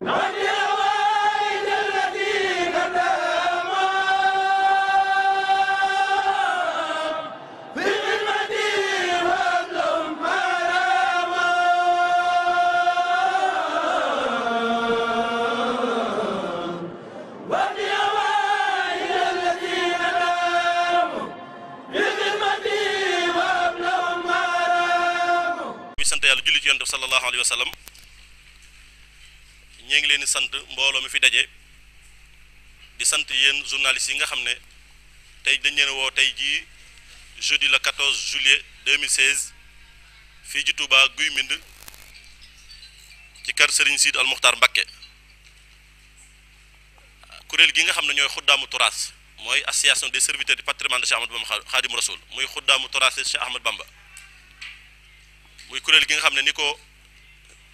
Nine sant mbooloo mi fi daje di sant yéen journalistes yi nga xam ne tey dañ leen woo tey jii jeudi le 14 juillet 2016 fii ju Touba Guy Mbind ci kër Serigne Sid Al Muxtaar Mbakke kuréel gi nga xam ne ñooy xuddaamu turaas mooy association des serviteurs du patrimoine de Cheikh Ahmad Bamba Xaadimu Rasul muy xuddaamu turaas Cheikh Ahmad Bamba muy kuréel gi nga xam ne ni ko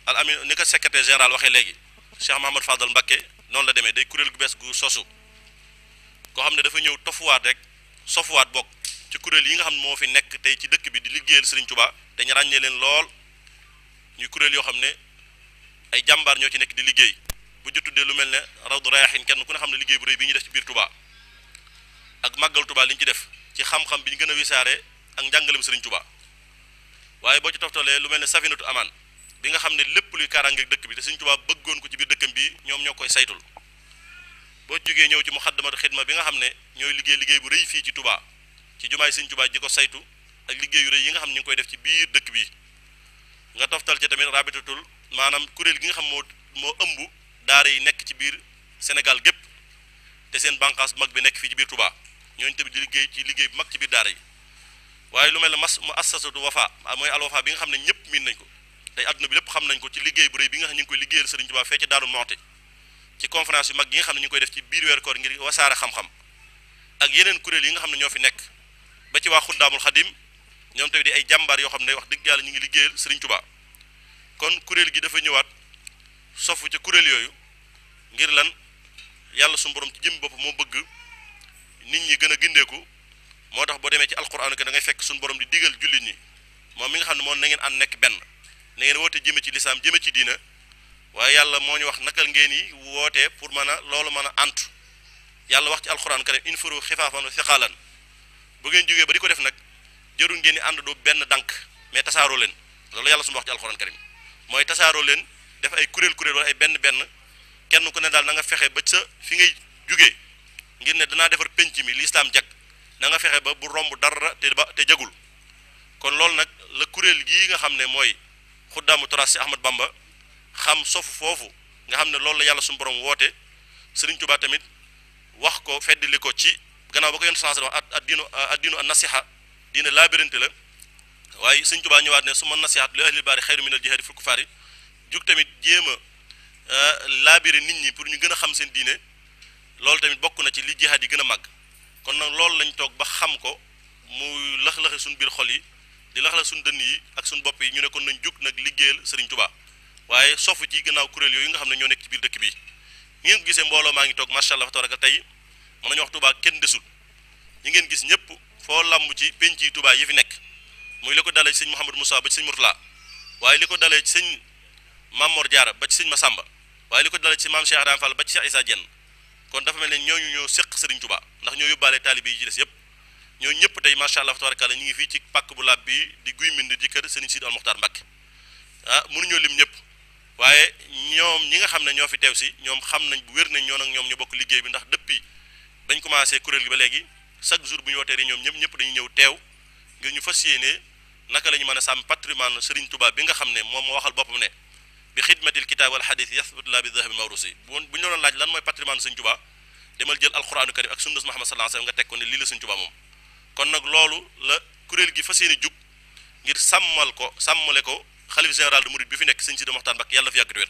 al amin ni ko secrétaire général waxee léegi Cheikh Mahamad Fadal Mbakke noonu la demee day kuréel gu bees gu sosu koo xam ne dafa ñëw tofuwaat rek sofuwaat bokk ci kuréel yi nga xam ne moo fi nekk tey ci dëkk bi di liggéeyal Serigne Touba te ñu ràññee leen lool ñuy kuréel yoo xam ne ay jàmbaar ñoo ci nekk di liggéey bu ñu tuddee lu mel ne raw Rawdu Rayaahin kenn ku ne xam ne liggéey bu rëy bi ñu def ci biir Touba ak màggal Touba li ci def ci xam-xam bi ñu gën a wisaare ak njàngalem Serigne Touba waaye boo ci toftalee lu mel ne Safinatu Amaan bi nga xam ne lépp luy kaaraangeeg dëkk bi te Sëriñ Tuubaa bëggoon ko ci biir dëkkam bi ñoom ñoo koy saytul boo jógee ñëw ci mu muxaddamatu xidma bi nga xam ne ñooy liggéey liggéey bu rëy fii ci Touba ci jumaay Sëriñ Tuubaa ji ko saytu ak liggéey yu yi nga xam ne koy def ci biir dëkk bi nga toftal ci tamit rabitatul maanaam kuréel gi nga xam moo moo ëmb daara yi nekk ci biir Sénégal gépp te seen bànqaas mag bi nekk ci biir Touba ñooñu tamit di ci liggéey bu mag ci biir daara yi waaye lu mel ne mas mu assasatu wafa mooy alwafa bi nga xam ne ñëpp miin nañ ko tay aduna bi lepp xam nañ ko ci liggéey bu reuy bi nga xam ñu ngi koy liggéeyal Serigne Touba fe ci daru Muxti ci conférence yu mag yi nga xam ne ñu koy def ci biir weer koor ngir wasaare xam-xam ak yeneen yi nga xam ne ñoo fi nekk ba ci wa khuddamul khadim ñoom tamit di ay jàmbaar yoo xam ne wax dëgg yàlla ñu ngi liggéeyal Serigne Touba kon kurel gi dafa ñëwaat sofu ci kuréel yooyu ngir lan yàlla sun borom ci jëm bopp moo bëgg nit ñi gën a gindeeku moo tax boo demee ci alquran ke da ngay fekk sun borom di digal jullit ñi moom mi nga xam ne moom na ngeen nekk benn na ngeen woote jëme ci lislaam jëme ci diina waaye yàlla moo ñu wax nakal ngeen yi wootee pour mën a loolu mën a antu yàlla wax ci alxuraan karim infiru xifaafan wa siqaalan bu ngeen jógee ba di ko def nag jërul ngeen di ànd du benn dànk mais tasaaroo leen loolu yàlla suma wax ci alxuraan karim mooy tasaaroo leen def ay kuréel kuréel wala ay benn benn kenn ku ne daal na nga fexe ba sa fi ngay jóge ngir ne danaa defar penc mi lislaam jag na nga fexe ba bu romb dara te te jagul kon loolu nag la kuréel gii nga xam ne mooy xuddaamu turaas si Ahmad Bamba xam sofu foofu nga xam ne loolu la yàlla suñu borom woote Serigne Touba tamit wax ko feddali ko ci gannaaw ba ko yoon sens wax ad diinu ad diinu an nasiha diine laabirinte la waaye Serigne Touba ñëwaat ne su ma nasihaat li ahlil mi na min al jihaadi fil kufaari jug tamit jéem a euh, laabire nit ñi pour ñu gën a xam seen diine loolu tamit bokk na ci li jihaad yi gën a màgg kon nag loolu lañ toog ba xam ko mu lëx-lëxe suñu biir xol yi di laxlas suñ dënn yi ak suñ bopp yi ñu ne kon nañ jug nag liggéeyal Serigne Touba waaye sofu ci gannaaw kuréel yooyu nga xam ne ñoo nekk ci biir dëkk bi ñi ngeen gisee mbooloo maa ngi toog macha allah tabaraka tey mën nañu wax Touba kenn desul ñi ngeen gis ñëpp foo làmb ci penc yi Touba yi fi nekk muy li ko dalee ci sëñ Mouhamadou Moussa ba ci sëñ Mourtala waaye li ko dalee ci sëñ Mamor Diarra ba ci sëñ Massamba waaye li ko dalee ci maam Cheikh Adam Fall ba ci Cheikh Issa Dieng kon dafa mel ne ñooñu ñoo séq Serigne Touba ndax ñoo yóbbaale taalibe yi ci des yëpp ñoo ñëpp tey macha allah tabaaraka ñu ngi fii ci pàkk bu lab bi di guy mbind di kër Serigne Sidi al Mokhtar Mbacké ah, lim ñëpp waaye ñoom ñi nga xam ne ñoo fi teew si ñoom xam nañ bu wér nañ ñoo nag ñoom ñu bokk liggéey bi ndax depuis bañ commencé kuréel gi ba léegi chaque jour bu ñu wootee ñoom ñëpp ñëpp dañu ñëw teew ngir ñu fas yéene naka la ñu mën a sàmm patrimoine Serigne Touba bi nga xam ne moom moo waxal boppam ne bi xidmatil kitaab wal xadis yasbut la bi dahabi mawrusi lan mooy patrimoine lii la Serigne kon nag loolu la kuréel gi fas yéene jug ngir sàmmal ko sàmmale ko xalif général de Mouride bi fi nekk sëñ Sidi Moxtaar Mbàkke yàlla fi yàgg duwel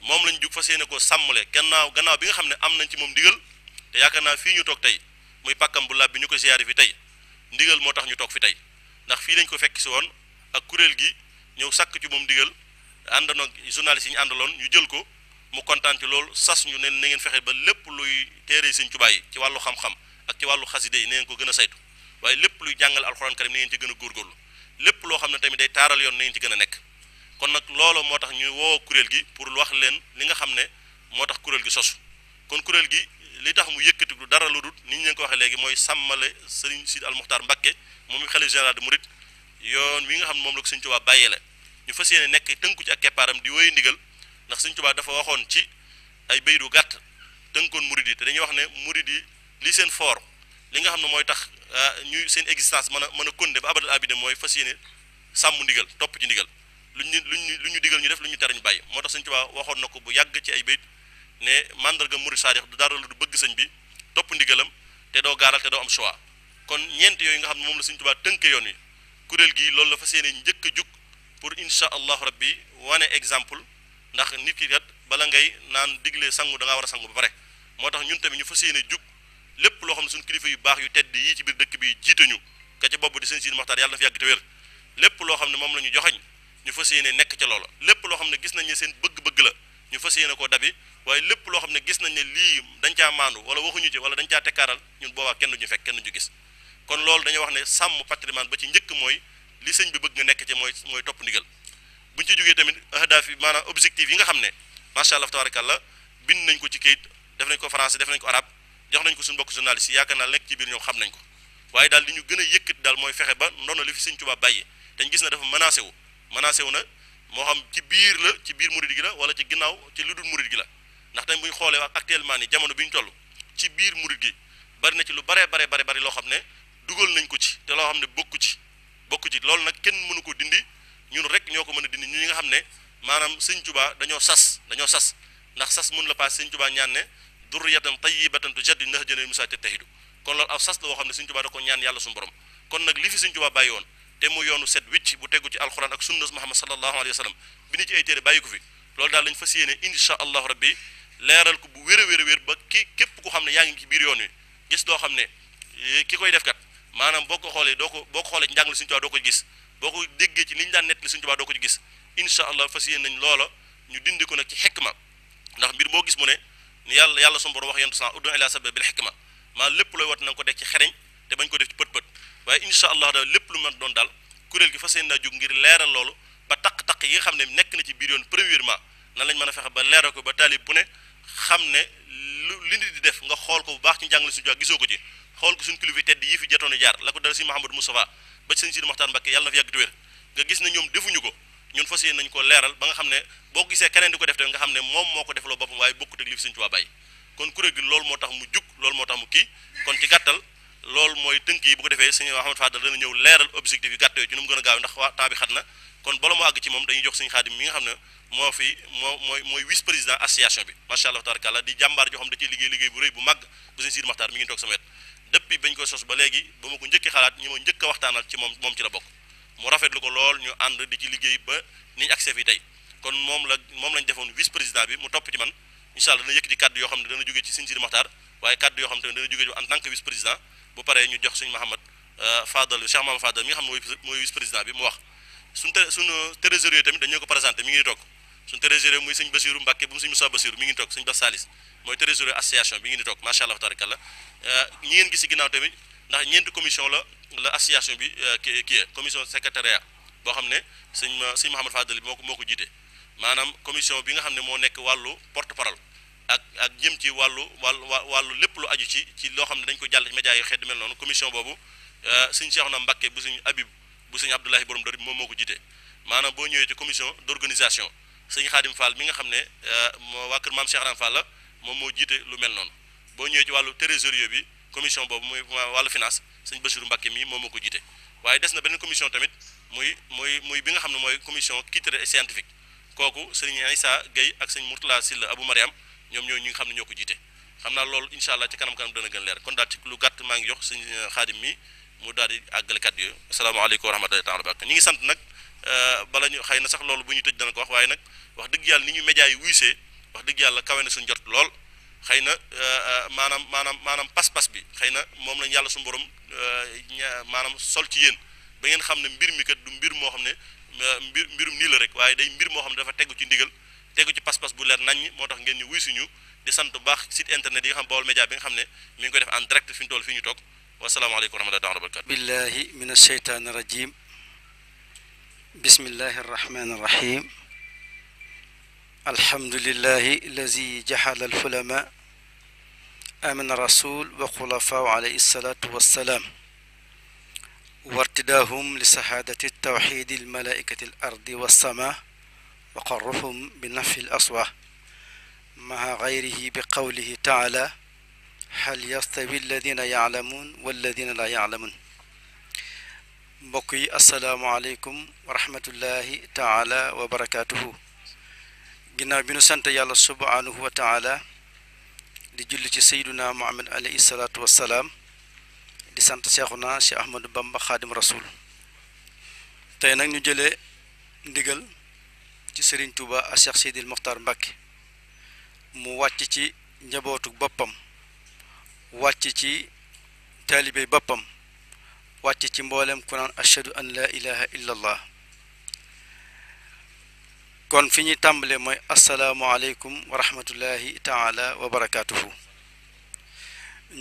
moom lañ jug fas yéene ko sàmmale gannaaw gannaaw bi nga xam ne am nañ ci moom ndigal te yaakaar naa fii ñu toog tey muy pàkkam bu laab bi ñu ko ziyaare fi tey ndigal moo tax ñu toog fi tey ndax fii lañ ko fekk si woon ak kuréel gi ñëw sàkk ci moom ndigal àndandoo journaliste yi ñu àndaloon ñu jël ko mu kontaan lool sas ñu ne na ngeen fexe ba lépp luy téere sëñ Tuubaa yi ci wàllu xam-xam ak ci wàllu xaside yi na ko gën saytu waaye lépp luy jàngal alxuraan karim ni ngeen ci gën a góorgóorlu lépp loo xam ne tamit day taaral yoon na ngeen ci gën a nekk kon nag loolu moo tax ñu woo kuréel gi pour wax leen li nga xam ne moo tax kuréel gi sosu kon kuréel gi li tax mu yëkkati lu dara lu dul ni ñu leen ko waxee léegi mooy sàmmale Serigne Sidi Al Muxtaar Mbakke moom mi xalifa général de Mouride yoon wi nga xam ne moom la ko Sëñ Tuubaa bàyyee la ñu fa yéene nekk tënku ci ak keppaaram di wéy ndigal ndax Sëñ Tuubaa dafa waxoon ci ay baydu gàtt tënkoon murid yi te wax ne murid yi li seen foor li nga xam ne mooy tax Ah, ñuy seen existence mën a mën a kunde ba abadal abide mooy fas yéene sàmm ndigal topp ci ndigal luñ luñ lu ñu digal ñu def lu ñu tere ñu bàyyi moo tax sëñ bu yàgg ci ay bayit ne mandarga murid saadix du dara lu du bëgg sëñ bi topp ndigalam te doo gaaral te doo am choix kon ñeent yooyu nga xam ne moom la sëñ Tuubaa tënkee yoon wi kuréel gi loolu la fas yéene njëkk a jug pour insha allahu rabbi wane exemple ndax nit ki kat bala ngay naan diglee sangu da nga war a sangu ba pare moo tax ñun tamit ñu fas yéene lépp loo xam ne suñu kilifa yu baax yu tedd yii ci biir dëkk bi jiite ñu ka ci bopp di seen siin maxtaar yàlla fi yàgg te wér lépp loo xam ne moom la ñu joxañ ñu fas yéene nekk ca loola lépp loo xam ne gis nañ ne seen bëgg-bëgg la ñu fas yéene koo dabi waaye lépp loo xam ne nañ ne lii dañ ca maandu wala waxuñu ci wala dañ caa tekkaaral ñun boobaa kenn ñu fekk kenn du gis kon loolu dañu wax ne sàmm patrimoine ba ci njëkk mooy li sëñ bi bëgg nga nekk ci mooy mooy topp ndigal buñ ci jógee tamit ahdaaf yi maanaam objectif yi nga xam ne macha allah tabarakallah bind nañ ko ci kayit def nañ ko français def nañ ko arabe jox nañ ko suñu bokk journaliste yi yaakaar naa nekk ci biir ñoom xam nañ ko waaye daal li ñu gën a yëkkat daal mooy fexe ba ndono li fi Sëñ Tuubaa bàyyi dañ gis na dafa menacé wu menacé wu na moo xam ci biir la ci biir murid gi wala ci ginnaaw ci lu dul murid gi la ndax tamit bu ñu xoolee wax actuellement ni jamono bi ñu toll ci biir murid gi bari na ci lu baree bare bare bari loo xam ne dugal nañ ko ci te loo xam ne bokku ci bokku ci loolu nag kenn mënu ko dindi ñun rek ñoo ko mën a dindi ñun ñi nga xam ne maanaam Sëñ Tuubaa dañoo sas dañoo sas ndax sas mun la paas Sëñ Tuubaa ñaan ne durriyatan tayyibatan tujaddi nahjana Musa tahidu kon loolu aw sas la woo xam ne Sëriñ Tuubaa da ko ñaan yàlla suñu borom kon nag li fi Sëriñ Tuubaa bàyyi woon te mu yoonu set wicc bu teggu ci alxuraan ak sunnas Muhammad sallallahu alayhi wa sallam bi ni ci ay téere bàyyi ko fi loolu daal lañ fas yéene insha leeral ko bu wér a wér a wér ba ki képp ku xam ne yaa ngi ci biir yoon wi gis doo xam ne eh, ki koy def kat maanaam boo ko xoolee doo ko boo xoolee njàng la Sëriñ Tuubaa ko gis boo ko déggee ci li ñu daan nett li Sëriñ Tuubaa doo ko gis incha allah fas yéene nañ loola ñu dindi ko nag ci xekma ndax mbir moo gis mu ne yàlla yàlla sunu borom wax yentu sa uddu ila sabbi bil maa lépp looy wat na ko def ci xereñ te bañ ko def ci pët pët waaye incha allah daal lépp lu man doon daal kuréel gi fas yéene naa ngir leeral loolu ba taq-taq yi nga xam ne nekk na ci biir yoon premièrement na lañ mën a fexe ba leeral ko ba taalib bu ne xam ne lu li nit di def nga xool ko bu baax ci njàngale suñu jox gisoo ko ci xool ko suñu kilifa tedd yi fi jotoon jaar la ko dal si Mouhamadou Moustapha ba na fi yàgg ko ñun fas yéene nañ ko leeral ba nga xam ne boo gisee keneen di ko def te nga xam ne moom moo ko defloo boppam waaye bokkut ak li fi Sëñ Tuubaa bàyyi kon kuréel gi loolu moo tax mu jug loolu moo tax mu kii kon ci gàttal loolu mooy tënk yi bu ko defee Sëñ Ahmad Fadal dana ñëw leeral objectif yi gàtt yooyu ci nu mu gën a gaaw ndax waa temps bi xat na kon bala moo àgg ci moom dañuy jox Sëñ Xaadim mi nga xam ne moo fi moo mooy mooy vice président association bi macha allah tabarakàllah di jàmbaar joo da a waxtaanal ci mu rafetlu ko lool ñu ànd di ci liggéey ba ni ñu accès fi tey kon moom la moom lañ defoon vice président bi mu topp ci man incha allah dana yëkkati kàddu yoo xam ne dana jógee ci sëñ Sidi Maxtaar waaye kàddu yoo xam ne dana jógee ci en tant euh, Fadal Cheikh Mahamad Fadal mi nga xam ne mooy vice président bi mu wax suñ te suñu trésorier tamit dañoo mi ngi toog muy sëñ Basiru Mbàkke bu mu sëñ Moussa Basiru mi ngi toog sëñ Bas Salis mooy trésorier association bi ngi toog macha allah tabaarakallah euh, ñi ngeen gis ci ginnaaw ndax ñeenti commission la la association bi euh, kii kii commission secrétariat boo xam ne sëñ ma sëñ Mouhamadou Fadel moo ko moo ko jiite maanaam commission bi nga xam ne moo nekk wàllu porte parole ak ak jëm ci wàllu wàllu wàllu lépp lu aju ci ci loo xam ne dañ ko jàll ci médias yi mel noonu commission boobu euh, sëñ na Mbacké bu sëñ Habib bu sëñ Abdoulahi borom dër moom moo ko jiite maanaam boo ñëwee ci commission d'organisation sëñ Khadim Fall mi nga xam ne euh, waa kër maam Cheikh Ram Fall la moom moo jiite lu mel noonu boo ñëwee ci wàllu trésorier bi commission boobu mooy wàllu finance sëñ Bassirou Mbacké mii moom moo ko jiite waaye des na beneen commission tamit muy muy bi nga xam ne mooy commission culturelle et scientifique kooku sëñ Aïssa Gueye ak sëñ Mourtala Silla Abou Mariam ñoom ñooñu ñu nga xam ne ñoo ko jiite xam naa lool incha allah ci kanam-kanam dana gën leer kon daal ci lu gàtt maa ngi jox sëñ euh, xaadim mii mu daal di àggale kàddu yooyu asalaamaaleykum wa rahmatullahi taala wa ngi sant nag euh, bala ñu xëy na sax loolu bu ñu tëj dana waaye nag wax dëgg yàlla ni ñu média yi wuysee yàlla kawe na suñ jot lool xëy na euh, euh, maanaam maanaam maanaam pas-pas bi xëy na moom lañ yàlla suñu borom euh, maanaam sol ci yéen ba ngeen xam ne mbir mi kat du mbir moo xam ne mbir mbirum nii la rek waaye day mbir moo xam ne dafa tegu ci ndigal tegu ci pas-pas bu leer nañ moo tax ngeen ñu wuy suñu di sant bu baax site internet yi nga xam Baol Média bi nga xam ne mi ngi koy def en direct fi ñu toll fii ñu toog wasalaamaaleykum wa rahmatullahi wa barakatu billahi min asheytaani rajim bismillahi rahmaani rahim الحمد لله الذي جعل الفلماء آمن الرسول وخلفاء عليه الصلاة والسلام وارتداهم لشهاده التوحيد الملائكة الأرض والسماء وقرهم بنفي الأصوى مع غيره بقوله تعالى هل يستوي الذين يعلمون والذين لا يعلمون بقي السلام عليكم ورحمة الله تعالى وبركاته ginaaw bi nu sant yàlla subhanahu wa taala di julli ci sayduna muhammad alayhi salatu wassalaam di sant seexuna cheikh ahmadou bamba khadim rasul tey nag ñu jëlee ndigal ci sëriñ touba a cheikh seydil moxtaar mbàkke mu wàcc ci njabootu boppam wàcc ci taalibey boppam wàcc ci mboolem ku naan ashhadu an la ilaha illa allah kon fi ñuy tàmbalee mooy asalaamualeykum wa rahmatullahi taala wa barakaatuhu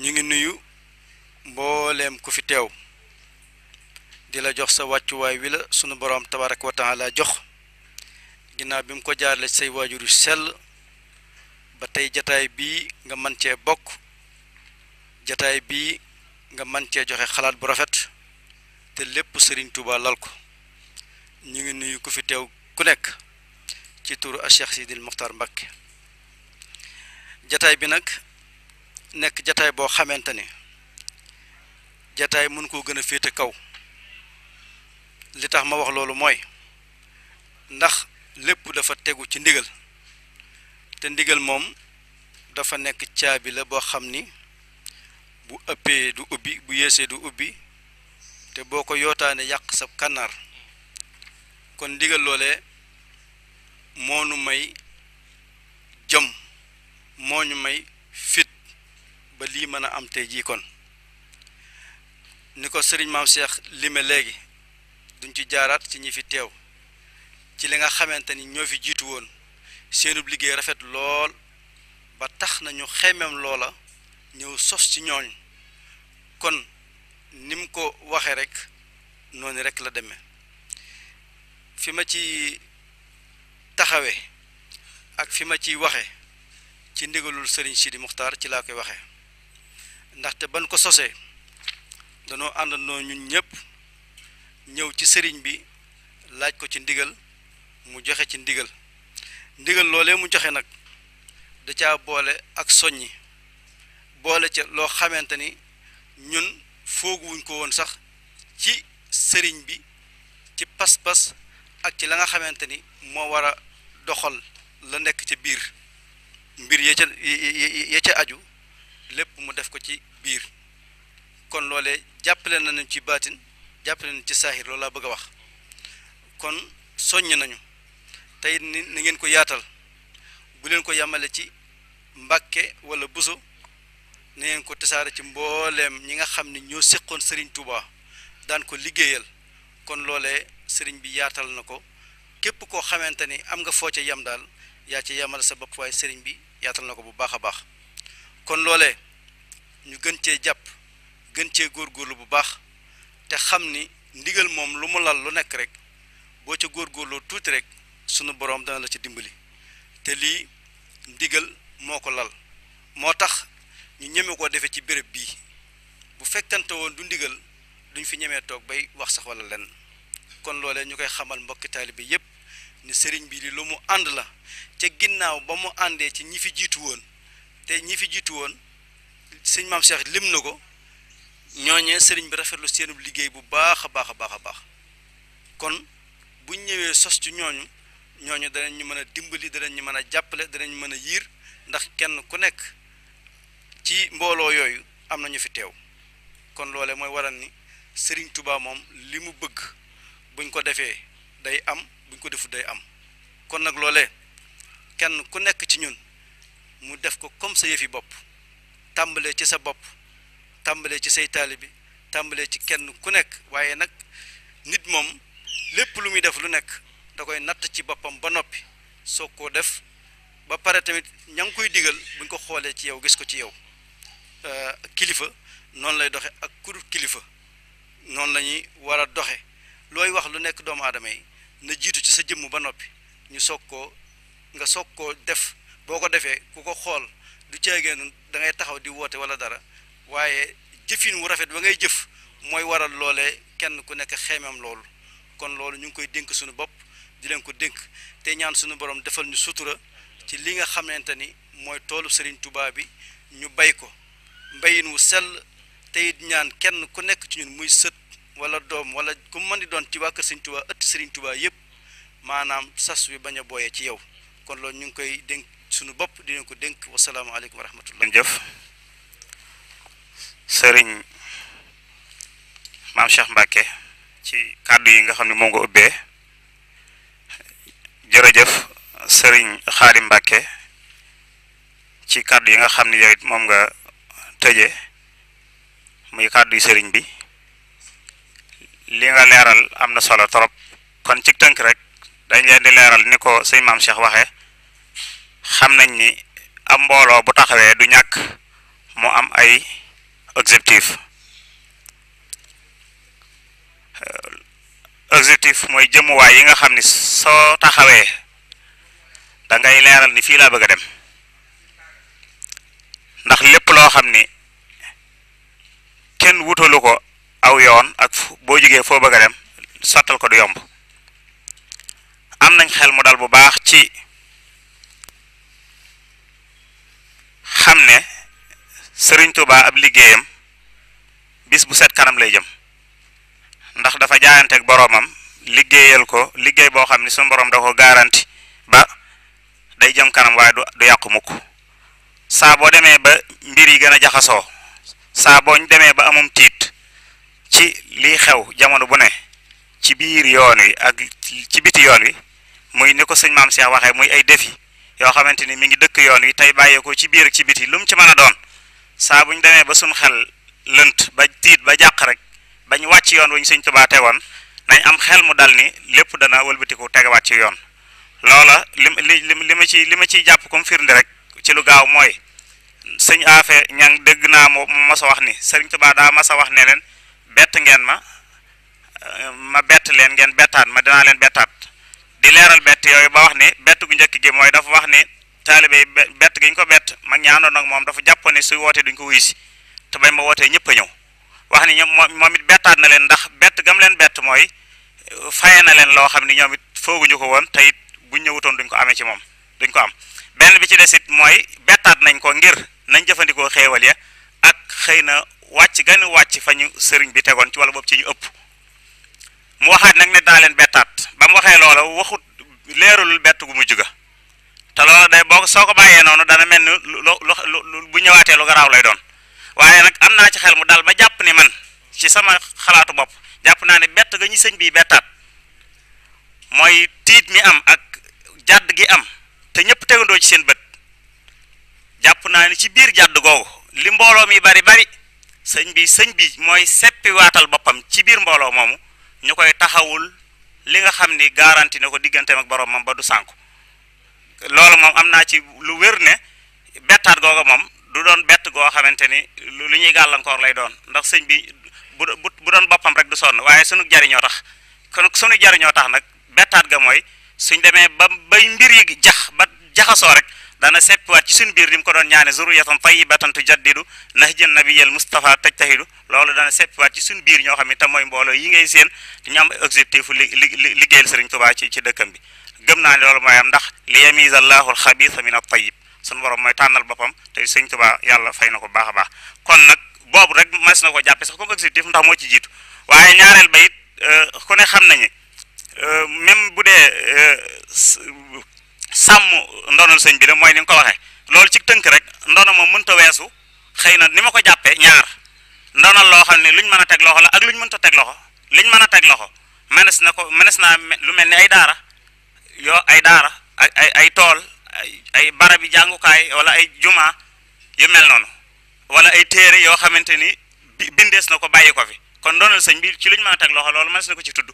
ñu ngi nuyu mboolem ku fi teew di la jox sa wàccuwaay wi la sunu boroom tabaraka wa taala jox ginnaaw bi mu ko jaarale say waajur yu sell ba tey jataay bii nga mën cee bokk jataay bii nga mën cee joxe xalaat bu rafet te lépp Sëriñ Tuuba lal ko ñu ngi nuyu ku fi teew ku nekk ci turu Cheikh Sidil Muxtaar Mbakke jataay bi nag nekk jataay boo xamante ni jataay mën koo gën a féete kaw li tax ma wax loolu mooy ndax lépp dafa tegu ci ndigal te ndigal moom dafa nekk caabi la boo xam ni bu ëppee du ubbi bu yeesee du ubbi te boo ko yootaane yàq sa kànnaar kon ndigal loolee moo nu may jëm moo ñu may fit ba lii mën a am tey jii kon ni ko sëriñ maam Cheikh lime léegi duñ ci jaaraat ci ñi fi teew ci li nga xamante ni ñoo fi jiitu woon seenub liggéey rafet lool ba tax nañu xemem loola ñëw sos ci ñooñ kon nim ko waxee rek noonu rek la deme fi ma ci taxawe ak fi ma ciy waxe ci ndigalul sëriñ Sidi Muxtaar ci laa koy waxe ndaxte ban ko sosee danoo àndandoo ñun ñëpp ñëw ci sëriñ bi laaj ko ci ndigal mu joxe ci ndigal ndigal loole mu joxe nag da caa boole ak soññi boole ca loo xamante ni ñun fooguwuñ ko woon sax ci sëriñ bi ci pas-pas ak ci la nga xamante ni moo war doxal la nekk ci biir mbir ya ca ya ca aju lépp mu def ko ci biir kon loole jàppale na nañu ci baatin jàppale nañu ci saahir loolu laa bëgg a wax kon soññ nañu tey ni na ngeen ko yaatal bu leen ko yàmmale ci mbàkke wala buso na ngeen ko tasaare ci mbooleem ñi nga xam ne ñoo séqoon sëriñ Touba daan ko liggéeyal kon loole sëriñ bi yaatal na ko képp koo xamante ni am nga foo ca yem daal yaa ci yemal sa bopp waaye sëriñ bi yaatal na ko bu baax baax kon loole ñu gën cee jàpp gën cee góor góorlu bu baax te xam ni ndigal moom lu mu lal lu nekk rek boo ca góor góorgóorloo tuuti rek sunu boroom dana la ci dimbali te lii ndigal moo ko lal moo tax ñu ñeme koo defee ci béréb bii bu fekkante woon du ndigal duñ fi ñemee toog bay wax sax walla lenn kon loole ñu koy xamal mbokki taalibe yépp ni sëriñ bi di lu mu ànd la ca ginnaaw ba mu àndee ci ñi fi jiitu woon te ñi fi jiitu woon sëñ maam Cheikh lim na ko ñooñee sëriñ bi rafetlu seenub liggéey bu baax a baax a baax a baax kon buñ ñëwee sos ci ñooñu ñooñu danañ ñu mën a dimbali danañ ñu mën a jàppale danañ mën a yiir ndax kenn ku nekk ci mbooloo yooyu am na ñu fi teew kon loole mooy waral ni sëriñ Touba moom li mu bëgg buñ ko defee day am buñ ko defu day am kon nag loole kenn ku nekk ci ñun mu def ko comme sa yëfi bopp tàmbalee ci sa bopp tàmbalee ci say taalibi tàmbalee ci kenn ku nekk waaye nag nit moom lépp lu muy def lu nekk da koy natt ci boppam ba noppi soog koo def ba pare tamit ña ngi koy digal buñ ko xoolee ci yow gis ko ci yow euh, kilifa noonu lay doxe ak kudu kilifa noonu la walla doxe looy wax lu nekk doomu aadama yi na jiitu ci sa jëmm ba noppi ñu soog koo nga soog koo def boo ko defee ku ko xool du ceegeen da ngay taxaw di woote wala dara waaye jëfin wu rafet ba ngay jëf mooy waral loole kenn ku nekk xeemam loolu kon loolu ñu ngi koy dénk suñu bopp di leen ko dénk te ñaan suñu borom defal ñu sutura ci li nga xamante ni mooy toolu Serigne Touba bi ñu bay ko mbayin wu sell te it ñaan kenn ku nekk ci ñun muy sët wala doom wala ku man di doon ci waa kër Sëriñ ëtt Sëriñ Tuubaa yëpp maanaam sas wi bañ a booyee ci yow kon lool ñu ngi koy dénk sunu bopp dinañ ko dénk wasalaamaaleykum wa rahmatullah jëf sëriñ maam Cheikh Mbacke ci kàddu yi nga xam ne moo nga ubbee jërëjëf sëriñ Xaadim Mbacke ci kàddu yi nga xam ne yow moom nga tëje muy kàddu yi sëriñ bi li nga leeral am na solo trop kon ci tënk rek dañ leen di leeral ni ko sëñ maam Cheikh waxe xam nañ ni a mbooloo bu taxawee du ñàkk mu am ay objectif euh, objectif mooy jëmuwaay yi nga xam ni soo taxawee dangay leeral ni fii laa bëgg a dem ndax lépp loo xam ni kenn wutalu ko aw yoon ak boo jógee foo bëgg a dem sottal ko du yomb am nañ xel mu dal bu baax ci xam ne sëriñ ab liggéeyam bis bu set kanam lay jëm ndax dafa jaayanteeg boroomam liggéeyal ko liggéey boo xam ne suñu da ko garanti ba day jëm kanam waaye du du yàqu mukk saa boo demee ba mbir yi gën a jaxasoo demee ba amum tiit ci li xew jamono bu ne ci biir yoon wi ak ci biti yoon wi muy ni ko sëñ maam Cheikh waxee muy ay defi yoo xamante ni mi ngi dëkk yoon wi tey bàyyeekoo ci biir ak ci biti lu mu ci mën a doon saa bu ñu demee ba suñ xel lënt ba tiit ba jàq rek bañ wàcc yoon wu ñu sëñ Tuubaa tegoon nañ am xel mu dal ni lépp dana wëlbatiku tegawaat ci yoon loola li li li ma ci li ma ciy jàpp comme firnde rek ci lu gaaw mooy sëñ Afe ñang dégg naa moo mos a wax ni sëriñ Tuubaa daa mos a wax ne leen bett ngeen ma ma bett leen ngeen bettaat ma dinaa leen bettaat di leeral bett yooyu ba wax ni bett gu njëkk gi mooy dafa wax ni taalibe bett gi ñu ko bett mag ñi àndoon ak moom dafa jàppoon ne su wootee duñ ko wuy si te bañ ma wootee ñëpp ñëw wax ni ñoom moom it bettaat na leen ndax bett gam leen bett mooy faye na leen loo xam ni ñoom it fooguñu ko woon te it buñ ñëwutoon duñ ko amee ci moom duñ ko am benn bi ci des it mooy bettaat nañ ko ngir nañ jëfandikoo xéewal ya ak xëy na wàcc gën a wàcc fa ñu sëriñ bi tegoon ci wala boobu ci ñu ëpp mu waxaat nag ne daa leen bettaat ba mu waxee loola waxut leeralul bett gu mujj ga te loola day boo soo ko bàyyee noonu dana mel ni lu bu ñëwaatee lu garaaw lay doon waaye nag am naa ci xel mu daal ba jàpp ni man ci sama xalaatu bopp jàpp naa ne bett ga ñu sëñ bii betaat mooy tiit mi am ak jàdd gi am te ñëpp tegandoo ci seen bët jàpp naa ne ci biir jàdd googu li mbooloo mi bari bari. sëñ bi sëñ bi mooy seppi waatal boppam ci biir mbooloo moomu ñu koy taxawul li nga xam ni garanti na ko digganteem ak boroom moom ba du sànku loolu moom am naa ci lu wér ne bettaat googa moom du doon bett goo xamante ni lu ñuy gàllankoor lay doon ndax sëñ bi bu doon boppam rek du sonn waaye sunu jariñoo tax kon sunu jariñoo tax nag bettaat ga mooy suñ demee ba bay mbir yi jax ba jaxasoo rek dana seppiwaat ci suñ biir di mu ko doon ñaane zurriyatan tayyibatan tujaddidu nahjan nabiyal mustafa tajtahidu loolu dana seppiwaat ci suñ biir ñoo xam ne te mooy mbooloo yi ngay séen te ñu am objectif li li ci dëkkam bi gëm naa ne loolu mooy ndax li yamiza allahu alxabisa min a tayyib suñu borom mooy tànnal boppam te sëriñ Tuubaa yàlla fay na ko baax a baax kon nag boobu rek mas na ko jàppe sax comme objectif ndax moo ci jiitu waaye ñaareel ba it euh, ku ne xam nañu euh, même bu dee euh, sàmm ndonal sëñ bi la mooy ni nga ko waxee loolu ci tënk rek ndono moom mënta weesu xëy na ni ma ko jàppee ñaar ndonal loo xam ne luñ mën a teg loxo la ak luñ mënta teg loxo liñ mën a teg loxo mënees na ko mënees naa lu mel ni ay daara yoo ay daara ay ay ay tool ay ay barabi jàngukaay wala ay juma yu mel noonu wala ay téere yoo xamante ni bindees na ko bàyyi ko fi kon ndonal sëñ bi ci luñ mën a teg loxo loolu mënees na ko ci tuddu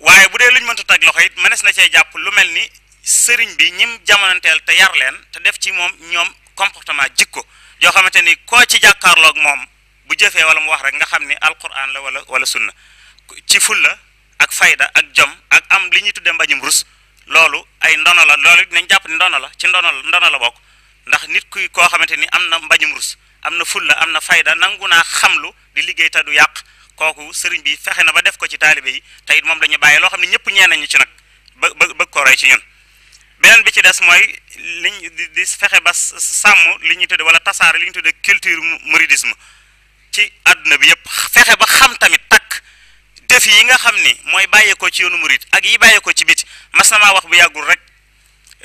waaye bu dee luñ mënta teg loxo it mënees na cee jàpp lu mel ni sëriñ bi ñim jamonanteel te yar leen te def ci moom ñoom comportement jikko yoo xamante ni ko ci jàkkaarloog moom bu jëfee wala mu wax rek nga xam ni alquran la wala wala sunna ci fulla ak fayda ak jom ak am li ñuy tuddee mbañum rus loolu ay ndono la loolu nañ jàpp ni ndono la ci ndono la ndono la bokk ndax nit kuy koo xamante ni am na mbañum rus am na fulla am na fayda nangu naa lu di liggéey du yàq kooku sëriñ bi fexe na ba def ko ci taalibe yi te it moom dañu bàyyi loo xam ne ñëpp ñeen nañu ci nag ba bëgg ko roy ci ñun beneen bi ci des mooy liñ di fexe ba sàmm li ñuy tudde wala tasaare li ñuy tudde culture mouridisme ci àdduna bi yëpp fexe ba xam tamit takk def yi nga xam ni mooy bàyyeekoo ci yoonu murid ak yi bàyyeekoo ci biti mas na wax bu yàggul rek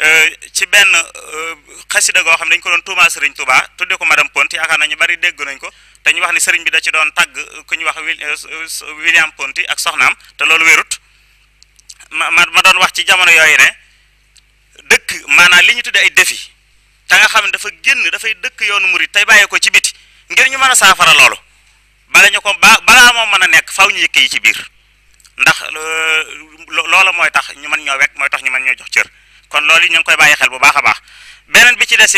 Euh, ci benn euh, xasida goo xam dañ ko doon tuumaa sëriñ Touba tudde ko pont Ponti yaakaar ñu bari dégg nañ ko te ñu wax ni sëriñ bi da ci doon tàgg euh, ku ñu wax William Ponti ak soxnaam te loolu wérut ma ma doon wax ci jamono yooyu ne dëkk maanaam li ñu tudde ay défi te nga xam ne dafa génn dafay dëkk yoonu murit tey bàyyee ko ci biti ngir ñu mën a saafara loolu bala ñu ko ba balaa moom mën a nekk faw ñu yëkk yi ci biir ndax loola mooy tax ñu mën ñoo wekk mooy tax ñu mën ñoo jox cër kon loolu ñu ngi koy bàyyi xel bu baax a baax beneen bi ci des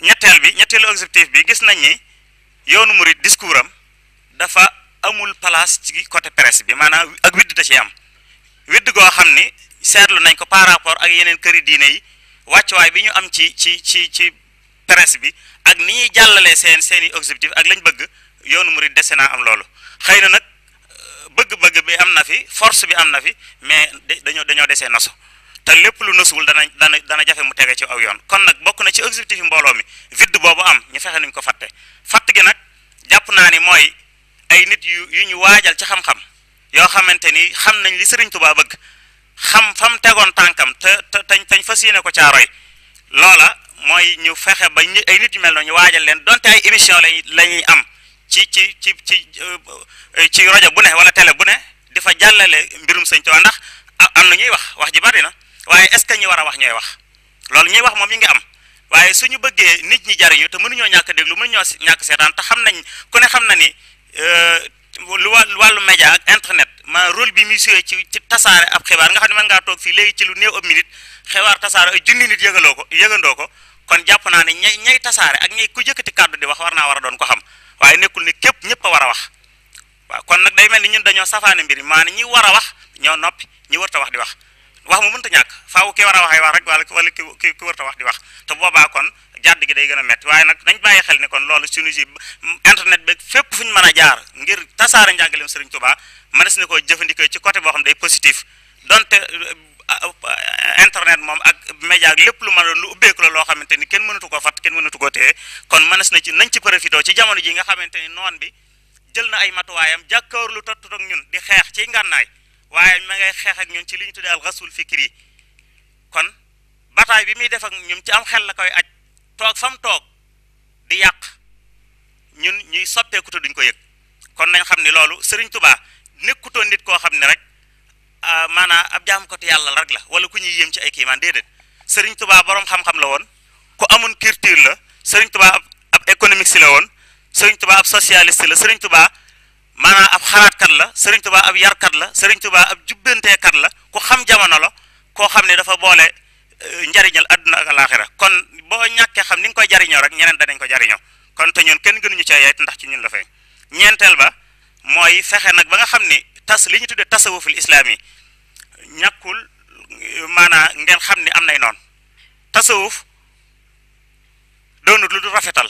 ñetteel bi ñetteelu objectif bi gis nañ ni yoonu murit discours am dafa amul place ci côté presse bi maanaam ak widd da ci am widd goo xam ni seetlu nañ ko par rapport ak yeneen këri diine yi wàccuwaay bi ñu am ci ci ci ci presse bi ak ni ñuy jàllalee seen seen i objectif ak lañ bëgg yoonu murit dese naa am loolu xëy na nag bëgg-bëgg bi am na fi force bi am na fi mais dañoo dañoo desee noso te lépp lu nësuwul dana dana dana jafe mu tege ci aw yoon kon nag bokk na ci objectif yi mbooloo mi vidde boobu am ñu fexe nuñ ko fatte fàtt gi nag jàpp naa ni mooy ay nit yu yu ñu waajal ci xam-xam yoo xamante ni xam nañ li Sëriñ Tuubaa bëgg xam fam tegoon tànkam te te tañ tañ fas yéene ko caaroy loola mooy ñu fexe ba ñu ay nit yu mel noonu ñu waajal leen donte ay émission lañuy la ñuy am ci ci ci ci euh, ci rajo bu ne wala tele bu ne di fa jàllale mbirum Sëriñ Tuubaa ndax am na ñuy wax wax ji bari na waaye est ce que ñi war a wax ñooy wax loolu ñuy wax moom yi ngi am waaye suñu bëggee nit ñi jariñu te mënuñoo ñàkk déglu mënuñoo ñàkk seetaan te xam nañ ku ne xam na ni euh, lu wàllu média internet ma rôle bi muy joué ci ci tasaare ab nga xam ne mën ngaa toog fii léegi ci lu néew ab minute xibaar tasaare ay yëgaloo ko yëgandoo ko kon jàpp naa ne ñay ñay tasaare ak ñay ku yëkkati kàddu di wax war naa war a doon ko xam waaye nekkul ni képp ñëpp war a wax waaw kon nag day mel ni ñun dañoo safaane mbir yi maanaam ñi war a wax ñoo noppi ñi warta wax di wax wax mu mënta ñàkk faaw ki war a waxay wax rek wala wala ki ki ki warta wax di wax te boobaa kon jàdd gi day gën a metti waaye nag nañ bàyyi xel ni kon loolu sunu si internet beeg fépp fu ñu mën a jaar ngir tasaare njàngaleem Serigne Touba mënees na koo jëfandikoo ci côté boo xam day positif donte euh, euh, internet moom ak média lépp lu mën lu ubbeeku la loo xamante ni kenn mënatu koo fat kenn mënatu koo téye kon mënees na ci nañ ci profité ci jamono ji nga xamante ni noon bi jël na ay matuwaayam jàkkaarlu lu tottu ak ñun di xeex ci ngànnaay waaye ma ngay xeex ak ñun ci li ñu tuddee al rasul fikri kon bataay bi muy def ak ñun ci am xel la koy aj toog fa toog di yàq ñun ñuy soppeeku te duñ ko yëg kon nañ xam ne loolu sëriñ tubaa nekkutoon nit koo xam ne rek a ah, maanaam ab jaamukatu yàlla rek la wala ku ñuy yéem ci ay kiimaan déedéet sëriñ tubaa boroom xam-xam la woon ku amoon culture la sëriñ tubaa ab économique la woon sëriñ tubaa ab socialiste la sëriñ tubaa maanaam ab xalaatkat la sëriñ tubaa ab yarkat la sëriñtubaa tubaa ab jubbanteekat la ku xam jamono la koo xam ne dafa boole euh, njariñal adduna ak alaaxira kon boo ñàkkee xam ni nga koy jariñoo rek ñeneen danañ ko jariñoo kon te ñun kenn gënuñu ca yayit ndax ci ñun la fay ñeenteel ba mooy fexe nag ba nga xam ni tas li ñu tuddee tasawuful islaam yi ñàkkul euh, maanaam ngeen xam ni am nay noonu tasawuf doonut lu du rafetal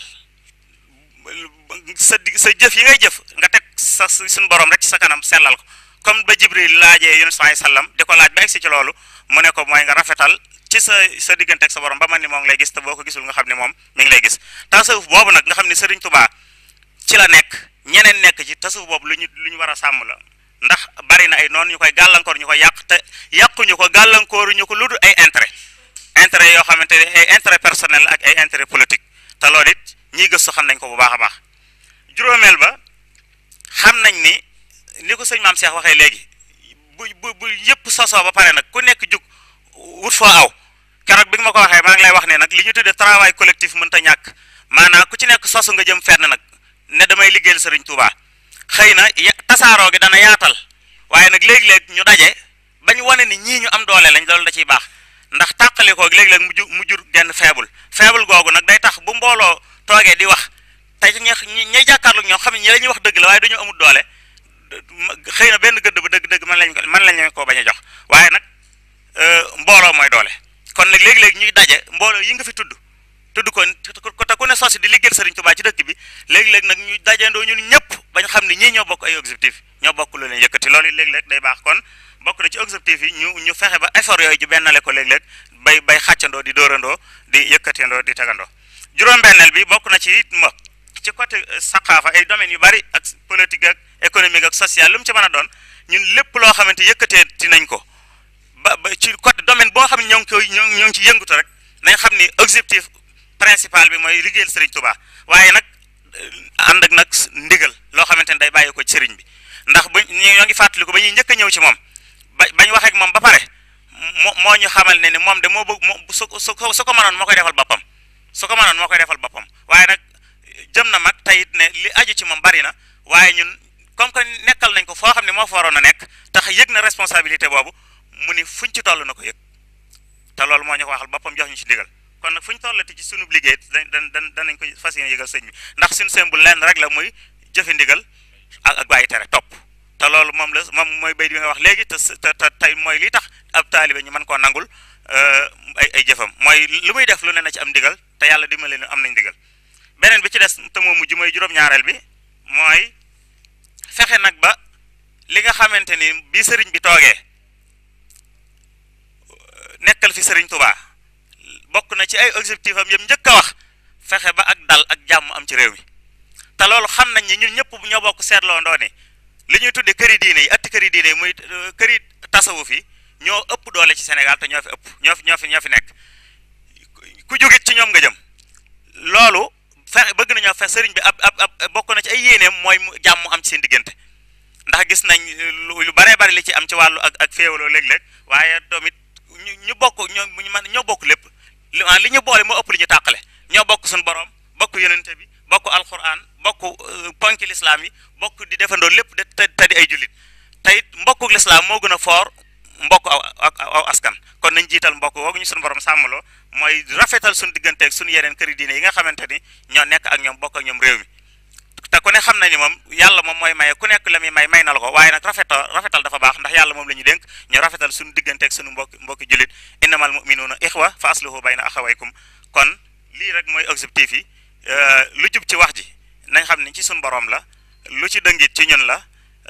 sa sa jëf yi ngay jëf nga teg sa suñu borom rek ci sa kanam sellal ko comme ba Jibril laajee Yunus alayhi salaam di ko laaj ba egsi ci loolu mu ne ko mooy nga rafetal ci sa sa diggante sa borom ba man ni moo ngi lay gis te boo ko gisul nga xam ne moom mi ngi lay gis tasawuf boobu nag nga xam ne Serigne Touba ci la nekk ñeneen nekk ci ta tasawuf boobu lu ñu lu ñu war a sàmm la ndax bari na ay noonu ñu koy gàllankoor ñu ko yàq te yàquñu ko ñu ko lu dul ay intérêt intérêt yoo xamante ne ay personnel ak ay intérêt politique te loolu it ñiy gëstu xam nañ ko bu baax a baax juróomeel ba xam nañ ni ni ko sëñ maam seex waxee léegi bu bu bu yëpp sosoo ba pare nag ku nekk jug wut foo aw keroog bi nga ma ko waxee maa ngi lay wax ne nag li ñu tuddee travail collectif mënta ñàkk maanaa ku ci nekk sosu nga jëm fenn nag ne damay liggéeyal sëriñ Touba xëy na tasaaroo gi dana yaatal waaye nag léeg-léeg ñu daje bañ wane ni ñii ñu am doole lañ loolu da ciy baax ndax tàqalikoo léeg-léeg mu jur mu jur genn faible faible googu nag day tax bu mbooloo toogee di wax. tey ña ñay jàkkaarlu ñoo xam ne ñi la ñuy wax dëgg la waaye dañoo amul doole xëy na benn gëdd bu dëgg-dëgg mën lañ ko mën lañ koo bañ a jox waaye nag euh, mbooloo mooy doole kon nag léegi-léegi ñuy daje mbooloo yi nga fi tudd tudd ko te ku ne sosi di liggéeyal Sëriñ Tuubaa ci dëkk bi léegi léeg nag ñu dajandoo ñun ñëpp bañ xam ne ñii ñoo bokk ay objectif ñoo bokk lu leen lool loolu léegi-léeg day baax kon bokk na ci objectif yi ñu ñu fexe ba effort yooyu ju bennale ko léeg-léeg bay bay xàccandoo di dóorandoo di yëkkatindoo di tegandoo juróom-benneel bi bokk na ci mo nekk ci côté euh, saqaafa ay domaines yu bari ak politique ak économique ak social lu mu ci mën a doon ñun lépp loo xamante yëkkatee ti nañ ko ba ci côté domaine boo xam ne ñoo ngi koy ñoo ngi ci yëngutu rek nañ xam ni objectif principal bi mooy liggéeyal sëriñ Tuubaa waaye nag euh, ànd ak nag ndigal loo xamante ne day bàyyi ko ci sëriñ bi ndax bu ñoo ngi fàttaliku ba ñuy njëkk a ñëw ci moom ba bañ waxee moom ba pare moo moo ñu xamal ne ni moom de moo bëgg moo su ko su ko mënoon moo koy defal boppam su ko mënoon moo koy defal boppam jëm na mag tey ne li aju ci moom bari na waaye ñun comme que nekkal nañ ko foo xam ne moo fa waroon a nekk tax yëg na responsabilité boobu mu ni fuñ ci toll na ko yëg te loolu moo ñu ko waxal boppam jox ñu ci digal kon nag fuñ tollati ci sunu liggéey dañ dañ danañ ko fas yéene yëgal sëñ bi ndax suñu sëñ bu lenn rek la muy jëfe ndigal ak ak bàyyi tere topp te loolu moom la moom mooy bay di nga wax léegi te te tey mooy li tax ab taalibe ñu mën koo nangul euh, ay ay jëfam mooy lu muy def lu ne na ci am ndigal te yàlla dimbali leen am nañ ndigal beneen bi ci des te moo mujj mooy juróom-ñaareel bi mooy fexe nag ba li nga xamante ni bi sëriñ bi toogee nekkal fi sëriñ Touba bokk na ci ay objectif am yëpp njëkk a wax fexe ba ak dal ak jàmm am ci réew mi te loolu xam nañ ni ñun ñëpp ñoo bokk seetloo ndoo ne li ñuy tudde këri diine yi atti këri diine yi muy euh, këri tasawuf yi ñoo ëpp doole ci Sénégal te ñoo fi ëpp ñoo fi ñoo fi ñoo fi nekk ku jógit ci ñoom nga jëm loolu sëriñ bi ab ab bokk na ci ay yéeneem mooy mu jàmm am ci seen diggante ndax gis nañ eh, lu baree bari li ci am ci wàllu ak ak féewaloo léeg-léeg waaye tamit ñu ñu bokk ñoo ñu mën ñoo bokk lépp ah, li ñu boole moo ëpp li ñu tàqale ñoo bokk suñu borom bokk yonente bi bokk alquran bokk eh, ponki lislaam yi bokk di defandoo lépp te di ay jullit te it mbokku lislaam moo gën a foor mbokk aw askan kon nañ jiital mbokk woogu ñu suñu borom sàmmaloo mooy rafetal suñu diggante ak suñu yeneen këri diine yi nga xamante ni ñoo nekk ak ñoom bokk ak ñoom réew mi te ku ne xam na ni moom yàlla moom mooy maye ku nekk la muy may may na la ko waaye nag rafetal rafetal dafa baax ndax yàlla moom la ñu dénk ñu rafetal suñu diggante ak suñu mbokk mbokki jullit innamal mu'minuuna ixwa fa aslihu bayna axawaykum kon lii rek mooy objectif yi euh, lu jub ci wax ji nañ xam ni ci suñu borom la lu ci dëngit ci ñun la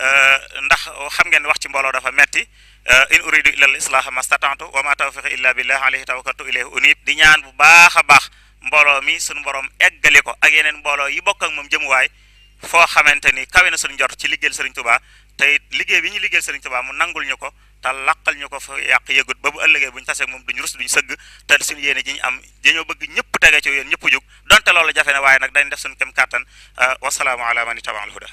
euh, ndax xam ngeen wax ci mbooloo dafa metti Uh, in uridu illa al islaha mastata'tu wa ma tawfiqi illa billah alayhi tawakkaltu ilayhi unib di ñaan bu baax a baax mbooloo mi suñu borom eggale ko ak yeneen mbooloo yi bokk ak moom jëmuwaay foo xamante ni kawe na suñu njort ci liggéeyal Serigne Touba te liggéey bi ñu liggéey liggéeyal Serigne Touba mu nangul ñu ko te laqal ñu ko fa yàq yëgut ba bu ëllëgee bu ñu tasee moom duñu rus duñu sëgg te suñu yéene ji ñu am dañoo bëgg ñëpp tege ci yéen ñëpp jóg donte loolu jafe na waaye nag dañ def suñu kem kàttan uh, wasalaamu ala man ittaba al huda